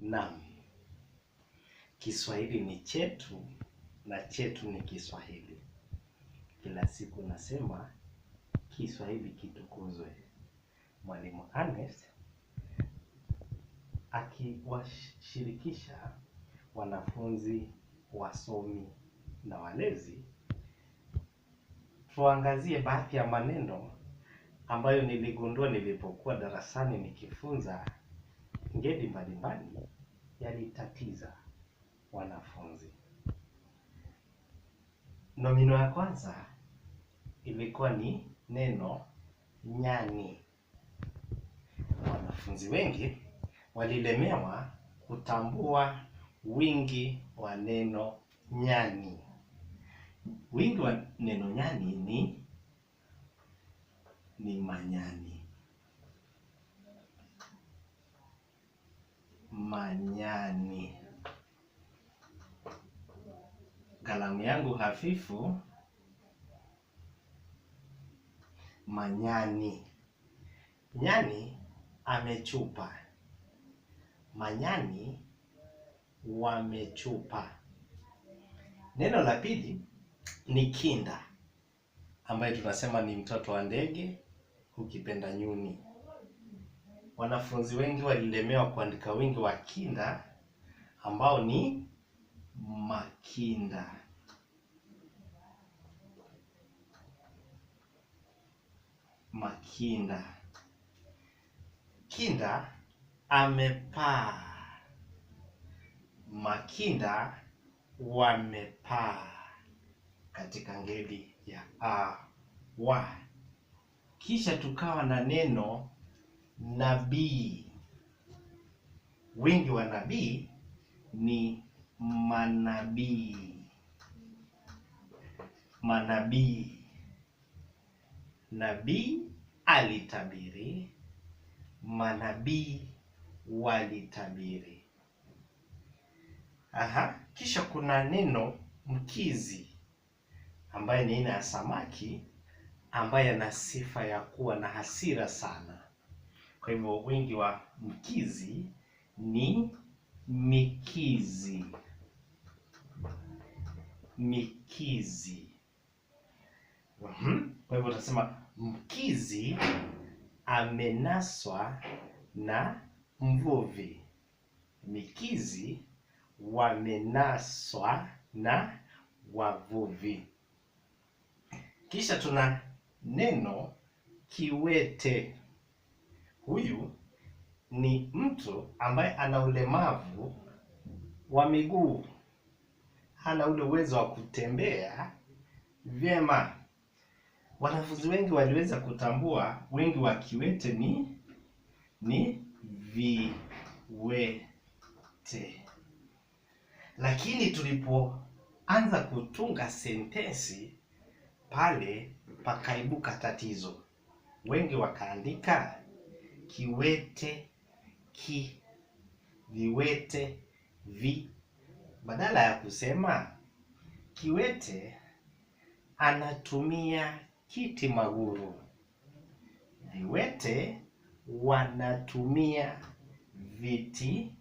Naam, Kiswahili ni chetu na chetu ni Kiswahili. Kila siku nasema Kiswahili kitukuzwe. Mwalimu Agnes akiwashirikisha wanafunzi, wasomi na walezi, tuangazie baadhi ya maneno ambayo niligundua nilipokuwa darasani nikifunza ngeli mbalimbali yalitatiza wanafunzi. Nomino ya kwanza ilikuwa ni neno nyani. Wanafunzi wengi walilemewa kutambua wingi wa neno nyani. Wingi wa neno nyani ni ni manyani yangu hafifu manyani. Nyani amechupa, manyani wamechupa. Neno la pili ni kinda, ambaye tunasema ni mtoto wa ndege, ukipenda nyuni. Wanafunzi wengi walilemewa kuandika wingi wa kinda ambao ni makinda. Makinda. Kinda amepaa, Makinda wamepaa katika ngeli ya a wa. Kisha tukawa na neno nabii. Wingi wa nabii ni manabii, manabii Nabii alitabiri, manabii walitabiri. Aha, kisha kuna neno mkizi ambaye ni aina ya samaki ambaye ana sifa ya kuwa na hasira sana. Kwa hivyo wingi wa mkizi ni mikizi, mikizi. Mhm. Kwa hivyo Utasema mkizi amenaswa na mvuvi, mikizi wamenaswa na wavuvi. Kisha tuna neno kiwete. Huyu ni mtu ambaye ana ulemavu wa miguu, hana ule uwezo wa kutembea vyema wanafunzi wengi waliweza kutambua, wengi wa kiwete ni ni viwete, lakini tulipoanza kutunga sentensi pale pakaibuka tatizo. Wengi wakaandika kiwete ki, viwete vi, badala ya kusema kiwete anatumia kiti maguru. Viwete wanatumia viti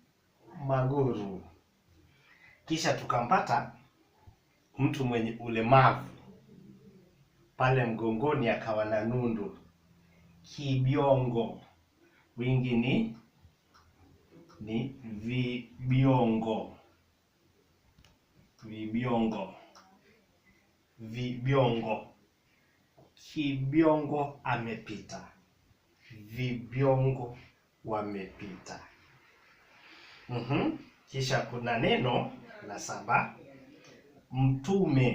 maguru. Kisha tukampata mtu mwenye ulemavu pale mgongoni, akawa na nundu, kibiongo, wingi ni ni vibiongo, vibiongo, vibiongo. Kibiongo amepita, vibiongo wamepita. mm -hmm. Kisha kuna neno la saba, mtume.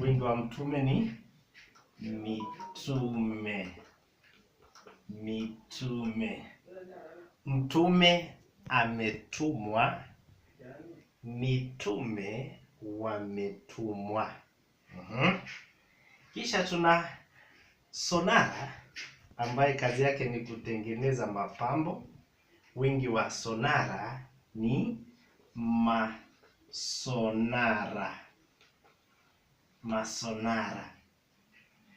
Wingi wa mtume ni mitume, mitume. Mtume ametumwa, mitume wametumwa. mm -hmm. Kisha tuna sonara ambaye kazi yake ni kutengeneza mapambo. Wingi wa sonara ni masonara, masonara.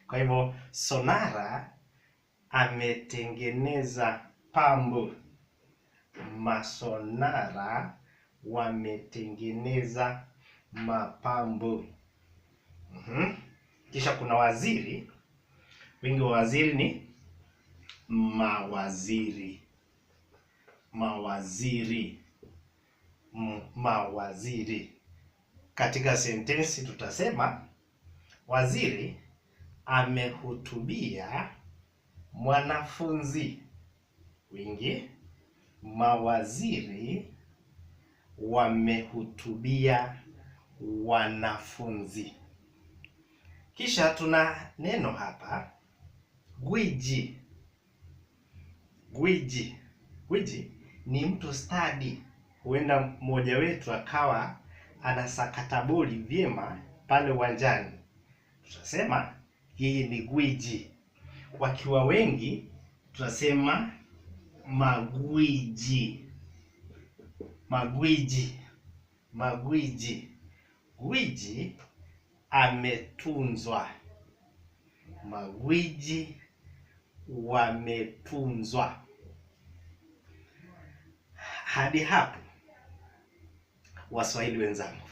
Kwa hivyo sonara ametengeneza pambo, masonara wametengeneza mapambo. mm -hmm. Kisha kuna waziri, wingi wa waziri ni mawaziri, mawaziri, mawaziri. Katika sentensi tutasema waziri amehutubia mwanafunzi. Wingi mawaziri wamehutubia wanafunzi. Kisha tuna neno hapa gwiji. Gwiji, gwiji ni mtu stadi. Huenda mmoja wetu akawa anasakataboli vyema pale uwanjani, tutasema yeye ni gwiji. Wakiwa wengi, tunasema magwiji. Magwiji, magwiji. Gwiji ametunzwa, magwiji wametunzwa. Hadi hapo, Waswahili wenzangu,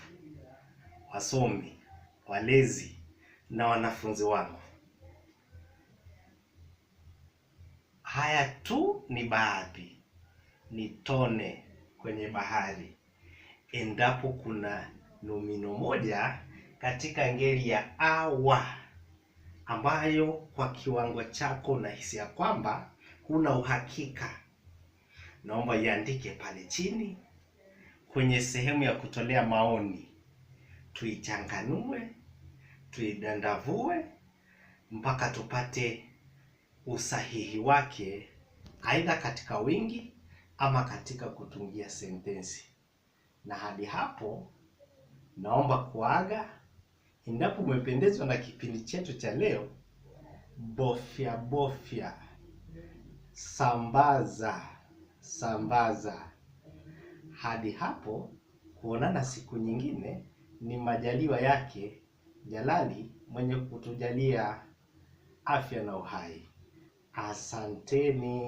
wasomi, walezi na wanafunzi wangu, haya tu ni baadhi, ni tone kwenye bahari. Endapo kuna nomino moja katika ngeli ya awa ambayo kwa kiwango chako unahisi ya kwamba huna uhakika, naomba iandike pale chini kwenye sehemu ya kutolea maoni, tuichanganue, tuidandavue mpaka tupate usahihi wake, aidha katika wingi ama katika kutungia sentensi. Na hadi hapo naomba kuaga. Endapo umependezwa na kipindi chetu cha leo, bofya bofya, sambaza sambaza. Hadi hapo kuonana siku nyingine, ni majaliwa yake Jalali mwenye kutujalia afya na uhai. Asanteni.